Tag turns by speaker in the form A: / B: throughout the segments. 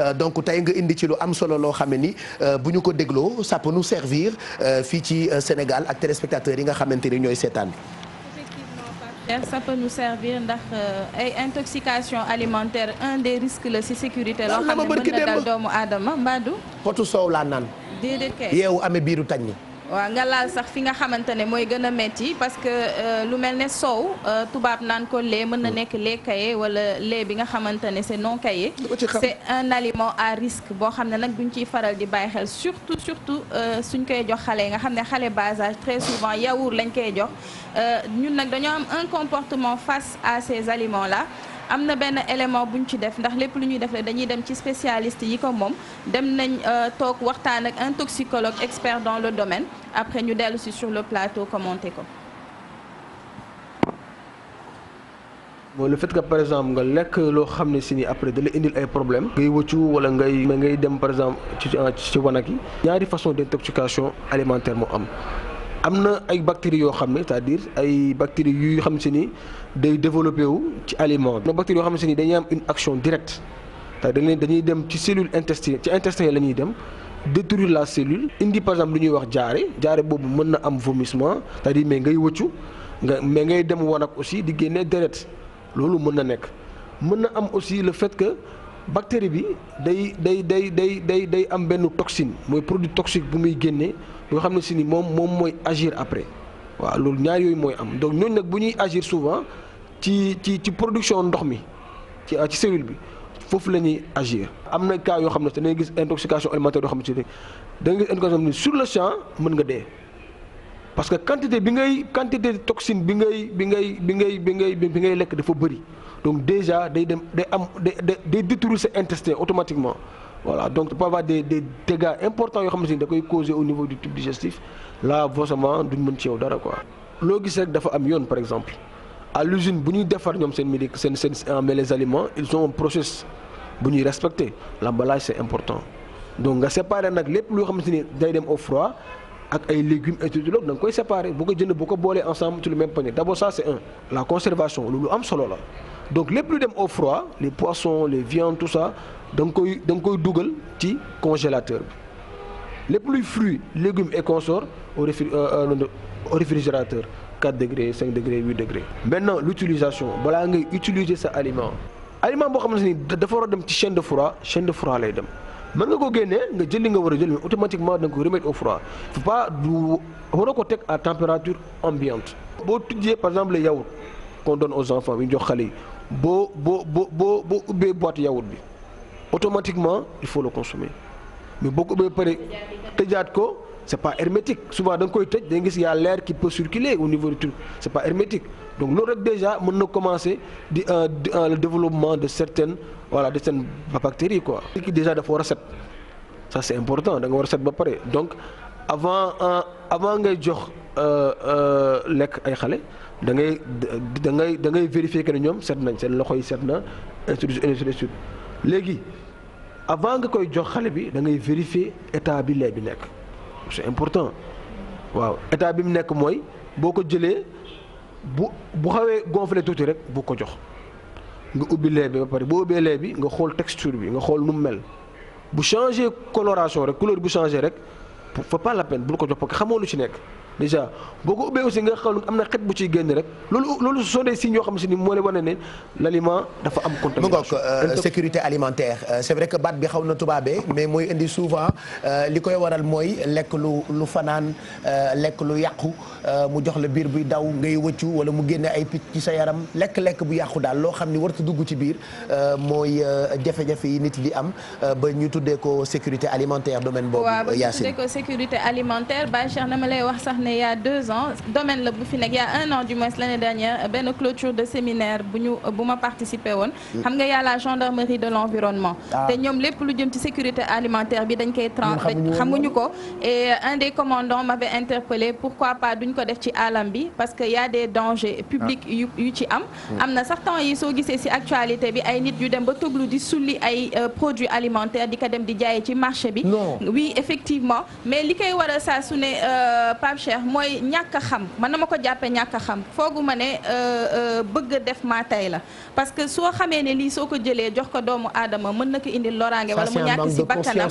A: Euh, donc tey nga indi ci lu am solo loo xam ne ni euh, bu ñu ko dégloo ça peut nous servir euh, fii ci Sénégal ak téléspectateurs yi nga xamante ni ñooy seetaan.
B: ça ndax ay intoxication alimentaire un des risques la sécurité loo xam ne mën na doomu aadama mbaadu
A: potu soow laa naan
B: déedéet kay yeewu amee biiru tañ waaw nga laal sax fi nga xamante ne mooy gën a metti parce que euh, lu mel ne soow euh, tubaab naan ko lait mën na mm. nekk lait caillé wala lait bi nga xamante ne c'est non caillé c'est un aliment à risque boo xam ne nag duñ ciy faral di bàyyi xel surtout surtout euh, suñ koy jox xale yi nga xam ne xale bas très souvent yaourt lañ koy jox ñun nag dañoo am un comportement face à ces aliments la am na benn élément buñ ci def ndax lépp lu ñuy def dañuy dem ci spécialiste yi ko moom dem nañ euh, toog waxtaan ak un toxicologue expert dans le domaine après ñu dellu si sur le plateau commenté ko.
C: bon le fait par exemple nga lekk loo xam ne si ni après da la indil ay problème ngay wëccu wala ngay mais ngay dem par exemple ci ci wanag yi ñaari façon d'intoxication alimentaire mu am am na ay bactéries yoo xam ne c'est-à-dire ay bactéries yu xam si ni day développé wu ci aliment bi. bactéries yoo xamante ni dañuy am une action directe dañuy dañuy dem ci cellule intestin ci intestin la ñuy dem détruire la cellule indi par exemple lu ñuy wax jaare jaare boobu mën na am vomissement c'est-à-dire mais ngay wëccu nga mais ngay dem wanag aussi di génnee deret loolu mën na nekk mën na am aussi le fait que bi day day day day day day am benn toxine mooy produit toxique bu muy génnee yoo xam ne si ni moom moom mooy agir après. waaw loolu ñaar yooyu mooy am donc ñooñu nag bu ñuy agir souvent ci ci ci production ndox mi ci ci cellule bi foofu la ñuy agir. am na cas yoo xam ne da ngay gis intoxication alimentaire yoo xam ne da ngay gis sur le champ mën nga dee parce que quantité bi ngay quantité de toxine bi ngay bi ngay bi ngay bi ngay bi ngay lekk dafa bëri donc déjà day dem day am day day détruire sa intestin automatiquement voilà donc peut de des des dégâts yoo xam ne da koy causer au niveau du la là forcément duñ mën ci yow dara quoi. loo gis rek dafa am yoon par exemple à l'usine bu ñuy defar ñoom seen médic seen seen mais les aliments ils ont un processus bu ñuy respecté l'emballage c'est important donc nga séparer nag lépp loo xamante ni day dem au froid. ak ay légumes et tout da nga koy séparer bu ko jënd bu ko boolee ensemble ci le même panier d'abord ça c'est un la conservation loolu am solo la donc lépp lu dem au froid les poissons les viandes tout ça da nga koy danga koy dugal ci congélateur bi lépp luy fruits légumes et consorts au réfri euh, euh, au réfrigérateur 4 degrés 5 degrés 8 degrés. maintenant l'utilisation balaa ngay utiliser sa aliment aliment boo xam xamante ni dafa war a dem ci chaîne de froid chaîne de froid lay dem. mën nga ko génnee nga jël li nga war a jël mais automatiquement da nga ko remettre au froid faut pas du waroo ko teg à température ambiante. boo tujjee par exemple les yaourts qu'on donne aux enfants bi ñu jox xale yi boo boo boo bo ubbee boîte yaourt bi automatiquement il faut le consommer. mais boo ko ubbee pare tëjaat ko c' pas hermétique souvent da nga koy tëj da nga gis y' a l' air qui peut circuler au niveau du truc c' est pas hermétique donc loolu rek déjà mën na commencer di euh, euh, le développement de certaines voilà de certaines bactéries quoi. liquide déjà dafa war a set ça c' est important da nga war a set ba pare donc avant euh, avant ngay jox lekk ay xale da ngay da ngay da ngay vérifier que ñoom set nañ seen loxo yi set na ainsi de léegi. avant nga koy jox xale bi da ngay vérifier état bi lait bi nekk c'est important waaw état bi mu nekk mooy boo ko jëlee bu bu xawee gonflé tuuti rek bu ko jox nga ubbi lait bi ba pare boo ubbee lait bi nga xool texture bi nga xool nu mu mel bu changé coloration rek couleur bu changé rek fa pas la peine bul ko jox parce que xamoo lu ci nekk. déjà boo ko ubbee aussi nga xam am na xet bu ciy génn rek loolu soo dee signes yoo xam si ni moo lay wane ne l' aliment dafa am contamination mu euh, sécurité
A: alimentaire euh, c' est vrai que baat bi xaw na tubaabee mais mooy indi souvent euh, li koy waral mooy lekk lu lu fanaan lekk lu yàqu mu jox la biir buy daw ngay wëccu wala mu génne ay picc ci sa yaram lekk-lekk bu yàqu daal loo xam ni war warta dugg ci biir mooy jafe-jafe yi nit di am ba ñu tuddee ko sécurité alimentaire domaine boobu. Yacine
B: waaw ne il y a deux ans domaine la bu fi nekk il y a un an du moins l'année dernière benn clôture de séminaire bu ma participer woon mm. xam nga y gendarmerie de l'environnement ah. te ñoom lépp lu jëm ci sécurité alimentaire bi dañ koy xamuñu ko et euh, un des commandants m'avait interpellé pourquoi pas duñ ko def ci alam bi parce que y des dangers publics ah. yu yu ci am mm. am na sax temps yi soo gisee ci actualité bi ay nit yu dem ba toglu di sulli ay euh, produits alimentaires di ko dem di jaayee ci marché bi Cheikh mooy ñàkk xam man na ma ko jàppe ñàkk xam foogu ma ne euh, euh, bëgg def maa tey la parce que soo xamee ne lii soo ko jëlee jox ko doomu aadama mën na ko indil loraange wala mu ñàkk si bakkanam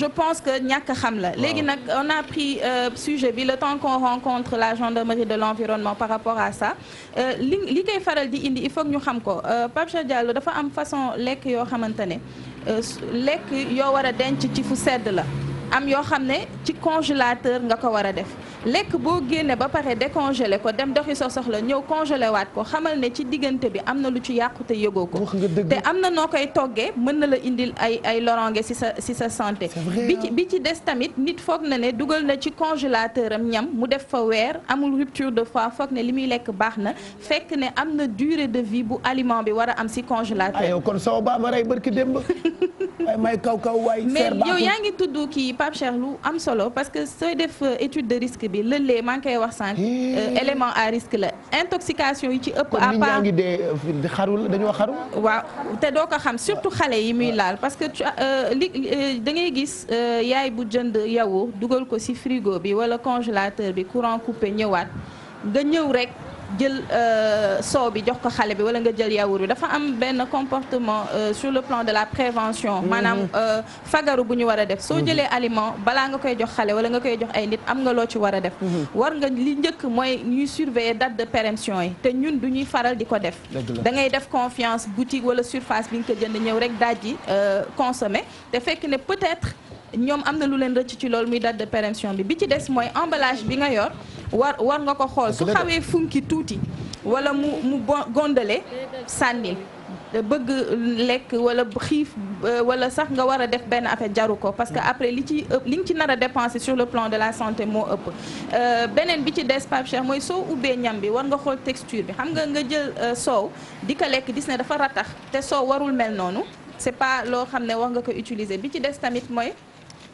B: je pense que ñàkk xam la léegi nag on a pris euh, sujet bi le temps qu'on rencontre la gendarmerie de l'environnement par rapport à sa li li koy faral di indi il faut ñu xam ko Pape Cheikh Diallo dafa am façon lekk yoo xamante ne lekk yoo war a denc ci fu sedd la am yoo xam ne ci congélateur nga ko war a def lekk boo génnee ba pare décongelé ko dem doxi sa soxla ñëw congelé waat ko xamal ne ci diggante bi am na lu ci yàqu te yëgoo ko te am na noo koy toggee mën na la indil ay ay loronge si sa si sa santé bi ci bi ci des tamit nit foog na ne dugal na ci congélateur am ñam mu def fa weer amul rupture de fois foog ne li muy lekk baax na fekk ne am na durée de vie bu aliment bi war a am si congélateur yow
A: kon saw ba ma rey
B: Pape Cheikh lu am solo parce que sooy def euh, étude de risque bi le lait maa koy wax sànq. Euh, élément à risque la intoxication yi ci ëpp. à part ngi dee euh, xarul dañoo xaru. waaw te doo ko xam surtout xale yi muy laal parce que li da ngay gis yaay bu jënd yawu dugal ko ci frigo bi walla congelateur bi courant coupé ñëwaat nga ñëw rek. jël euh, soow bi jox ko xale bi wala nga jël yaourt bi dafa am benn comportement euh, sur le plan de la prévention mm-hmm. maanaam euh, fagaru bu ñu war a def soo mm-hmm. jëlee aliment balaa nga koy jox xale wala nga koy jox ay nit am nga loo ci war a def mm-hmm. war nga li njëkk mooy ñuy surveiller date de péremption yi te ñun du ñuy faral di ko def da ngay def confiance boutique wala surface bi nga ko jënd ñëw rek daaj ji consommer te fekk ne peut-être ñoom am na lu leen rëcc ci loolu muy date de péremption bi bi ci des mooy emballage bi nga yor war war nga ko xool su xawee funki tuuti wala mu mu gondale sànnil bëgg lekk wala xiif euh, wala sax nga war a def benn affaire jaru ko parce que après li ci ëpp li nga ci nar a dépenser sur le plan de la santé moo ëpp euh, beneen bi ci des Pape mooy soow ubbee ñam bi war nga xool texture bi xam nga nga jël euh, soow di ko lekk gis ne dafa ratax te soow warul mel noonu c'est pas loo xam ne war nga ko utiliser bi ci des tamit mooy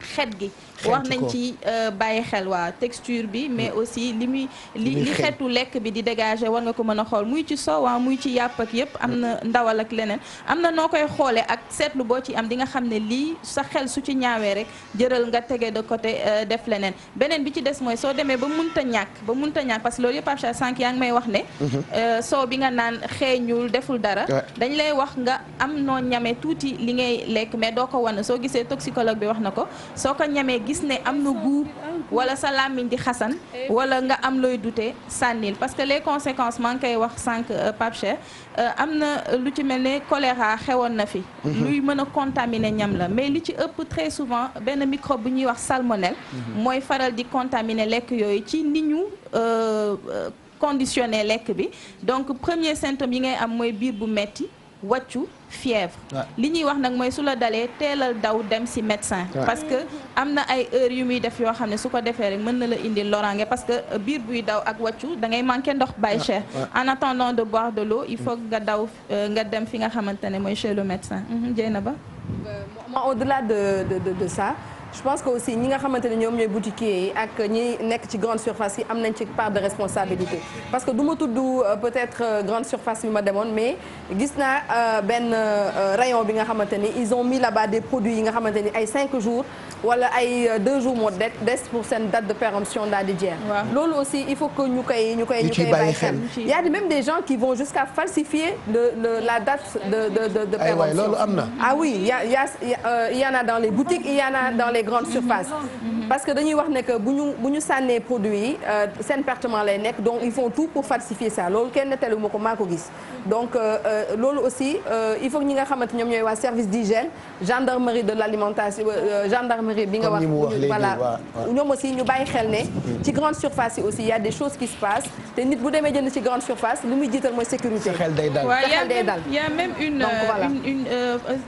B: xet gi war nañ ci euh, bàyyi xel waa texture bi mais mm. aussi li muy li li xeetu lekk bi di dégagé war nga ko mën a xool muy ci soowa ah, muy ci yàpp ak yëpp am mm. na ndawal ak leneen am na noo koy xoolee ak seetlu boo ci am di nga xam ne lii sa xel su ci ñaawee rek jëral nga tege de côté euh, def leneen beneen bi ci des mooy soo demee ba munta ñàkk ba munta ñàkk parce que loolu yëpp ab sa sànq yaa ngi may wax ne mm-hmm. euh, soo bi nga naan xeeñul deful dara dañ lay wax nga am noo ñame tuuti li ngay lekk mais doo ko wan soo gisee toxicologue bi wax na ko gis ne am na guu wala sa làmmiñ di xasan wala nga am looy dute sànnil parce que les conséquence maa ngi koy wax sànq euh, Pape euh, am na lu ci mel ne choléra xewoon na fi mhm. luy mën a contaminer ñam la mais li ci ëpp très souvent benn microbe bu ñuy wax salmonelle mhm. mooy faral di contaminer lekk yooyu ci ni ñu euh, conditionné lekk bi donc premier symptôme yi ngay am mooy biir bu metti wàccu fièvre li ñuy wax nag mooy su la dalee teelal daw dem ci médecin parce que am na ay heures yu muy def yoo xam ne su ko defee rek mën na la indi loraange parce que biir buy daw ak wàccu da ngay manqué ndox bàyyi cher en attendant de boire de l'eau il mm. faut nga daw euh, nga dem fi nga xamante ne mooy chez le médecin jëy na ba
D: moi de de je pense que aussi ñi nga xamante ne ñoom ñooy boutiquiers yi ak ñi nekk ci grande surface yi am na nañ ci part de responsabilité parce que du ma tudd euh, peut-être euh, grande surface bi ma demoon mais gis naa euh, benn rayon bi nga xamante ni ils ont mis là-bas des produits yi nga xamante ni ay 5 jours wala ay euh, deux jours moo des pour seen date de péremption daal di jeex. aussi il faut que ñu koy ñu koy. ñu e bàyyi xel y a même des gens qui vont jusqu'à falsifier le la date de de loolu am na. ah oui y a y a euh, y en a dans les boutiques il y a dans les grandes surfaces. Mm-hmm. parce que dañuy wax ne que bu ñu bu ñu sànnee produit yi euh, seen pertement lay nekk donc ils font tout pour falsifier ça loolu kenn nettalu ma ko maa ko gis. donc euh, euh, loolu aussi il faut ñi nga xamante ñoom ñooy waa service d'hygiène gendarmerie de l'alimentation gendarmerie bi nga wax. voilà ñoom aussi ñu bàyyi xel ne. ci grande surface y a des choses qui se passent te nit bu demee jënd grande surface lu muy jiital mooy sécurité. xel day dal xel day y
B: a même une une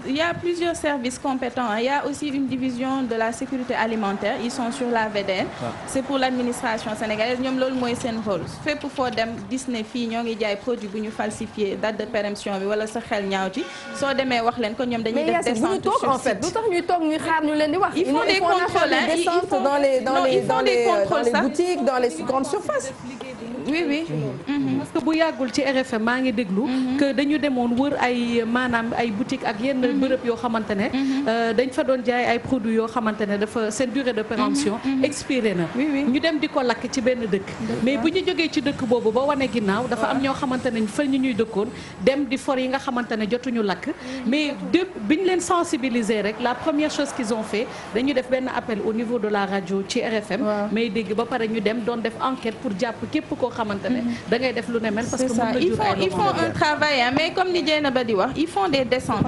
B: il y a plusieurs services compétents il y a aussi une division de la sécurité alimentaire. ils sont sur la VDN ah. c'est pour l'administration sénégalaise ñoom loolu mooy seen rôle fépp foo dem gis fii ñoo ngi jaay produit bu ñu falsifié date de péremption bi wala sa xel ñaaw ci soo demee wax leen ko ñoom dañuy def descente sur site mais en fait lu
D: tax ñuy toog ñuy xaar ñu leen di wax ils font des contrôles ils font dans les dans les dans les grandes surfaces oui oui mm-hmm. parce que bu yàggul ci RFM maa ngi
B: déglu mhm. que dañu demoon wër ay maanaam ay boutique ak yenn mhm. bërëb yoo xamante ne mhm. euh, dañ fa doon jaay ay produits yoo xamante ne dafa seen durée de péremption expiré na ñu dem di ko lakk ci benn dëkk mais bu ñu jógee ci dëkk boobu ba wane ginnaaw dafa am ñoo xamante ne fa ñu ñuy dëkkoon dem di for yi nga xamante ne jotuñu lakk mais de bi ñu leen sensibiliser rek la première chose qu'ils ont fait dañu def benn appel au niveau de la rajo ci RFM mais dégg ba pare ñu dem doon def enquête pour jàpp képp koo xamante ne da def lu ne mel. parce que ça. ils font ils font un travail hein, mais comme ni Dieynaba di wax ils font des descentes.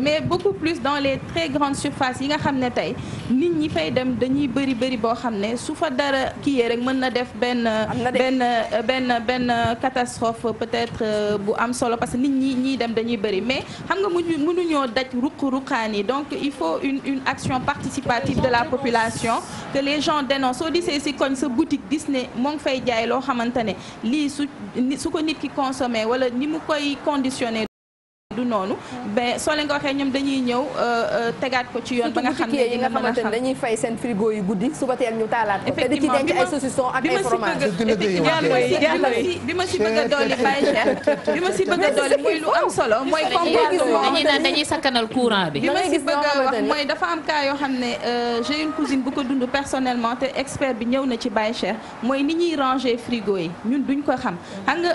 B: mais beaucoup plus dans les très grandes surfaces yi nga xam ne tey nit ñi fay dem dañuy bëri bëri boo xam ne su fa dara kii rek mën na def benn. benn benn benn catastrophe peut-être euh, bu am solo parce que nit ñi ñiy dem dañuy bëri mais xam nga muñu mënuñoo daj ruq-ruqaan yi donc il faut une une action participative de la population que les gens dénoncent soo disee si koñ sa boutique gis ne moo ngi fay jaay loo xamante ne lii su su ko nit ki consommé wala ni mu koy conditionné du noonu mais soo leen ko waxee ñoom dañuy ñëw euh, euh,
D: tegaat ko ci yoon ba nga xam ne yi nga xamante ne dañuy fay seen frigo yi guddi suba teel ñu taalaat ko te di ci denc ay bi ma si bëgg a dolli bàyyi cher bi ma si bëgg a dolli muy lu am solo mooy comportement dañuy
B: sakkanal courant bi bi ma si bëgg a wax mooy dafa am cas yoo xam ne euh, j'ai une cousine bu ko dund personnellement te expert bi ñëw na ci bàyyi cher mooy ni ñuy ranger frigo yi ñun duñ ko xam xam nga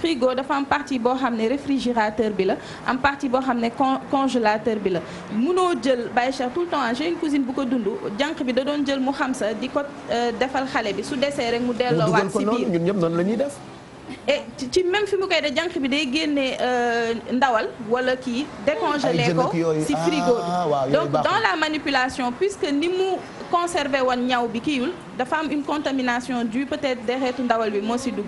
B: frigo dafa am partie boo xam ne réfrigérateur bi la am partie boo xam ne congélateur bi la munoo jël bàyyi cher tout le temps j'ai une cousine bu ko dund jànq bi da doon jël mu xam sa di ko euh, defal xale bi su desee rek mu delloo delloowaat si biir ñun
A: ñëpp noonu la ñuy def
B: ci même fi mu koy de jànq bi day génne euh, ndawal wala kii décongelé ko si frigo ah, donc dans la manipulation puisque ni mu conservé woon ñaw bi kiiwul dafa am une contamination du peut-être déretu ndawal bi moo si dugg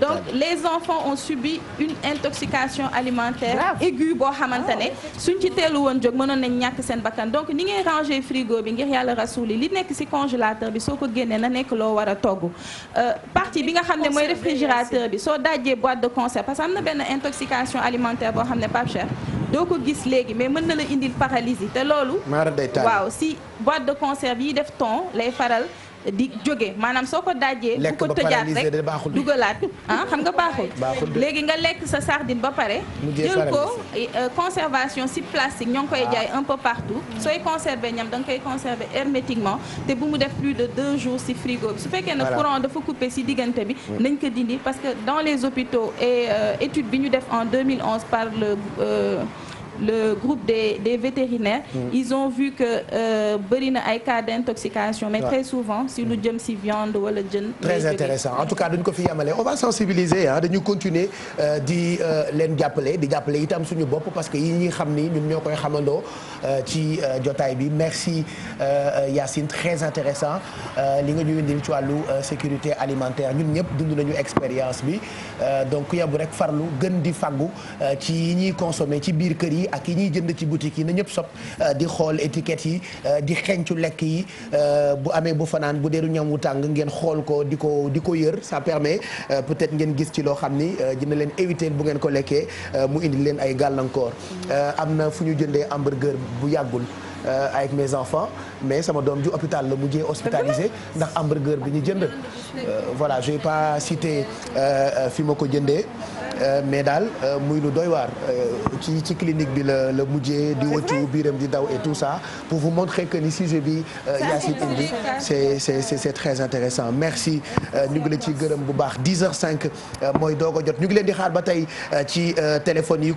B: donc les enfants ont subi une intoxication alimentaire aiguë boo xamante ne suñ ci teelu woon jóg mënoon nañ ñàkk seen bakkan donc ni ngay ranger frigo bi ngir yàlla rasuuli li nekk si congélateur bi soo ko génnee na nekk loo war a togg euh, partie bi nga xam ne mooy réfrigérateur bi soo dajee boîte de conserve parce que am na benn intoxication alimentaire boo xam ne pas doo ko gis léegi mais mën na la indil paralysie te loolu. waaw si boîte de conserve yi def thon lay faral. di jóge maanaam soo ko dajee bu ko tëjaat rek dugalaat ah xam nga baaxul léegi nga lekk sa sardine ba pare jël ko eh, euh, conservation si plastique ñoo ngi koy jaay ah. un peu partout sooy conserver ñam danga koy conserver hermétiquement te bu mu def plus de deux jours si frigo bi su fekkee ne courant dafa coupé si diggante bi nañ ko dindi parce que dans les hôpitaux et euh, étude bi ñu def en 2011 par le euh, le groupe des, des vétérinaires mm. ils ont vu que euh, bëri na ay cas d'intoxication mais très souvent si lu jëm si viande wala jën très
A: intéressant en tout cas duñ ko fi yemale on va sensibiliser dañu continuer euh, di euh, leen jàppale di jàppale itam suñu bopp parce que yi ñuy xam ni ñun ñoo koy xamandoo ci jotaay bi merci Yacine très intéressant li nga ñu indil ci wàllu sécurité alimentaire ñun ñëpp dund nañu expérience bi donc ku yebu rek farlu gën di faggu ci yi ñuy ci biir kër yi ak yi ñuy jënd ci boutique yi na ñëpp sob euh, di xool étiquette yi euh, di xencu lekk yi euh, bu amee bu fanaan bu deedu ñam wu tàng ngeen xool ko di ko di ko yër ça permet peut-être ngeen gis ci loo xam ni dina leen éviter bu ngeen ko lekkee mu indi leen ay gàllankoor am na fu ñu jëndee hamburger bu yàggul avec mes enfants mais sama doom ju hôpital la mujjee hospitalisé ndax hamburger bi ñu jënd voilà j'ai pas cité fi ma ko jëndee Euh, mais daal euh, muy lu doy waar euh, ci ci clinique bi la la mujjee di wëccu biiram di daw et tout ça pour vous montrer que ni sujet bi Yacine indi c'est c'est c'est très intéressant merci ñu ngi la ci gërëm bu baax dix heures cinq mooy doogo jot ñu ngi leen di xaar ba tey ci téléphone yi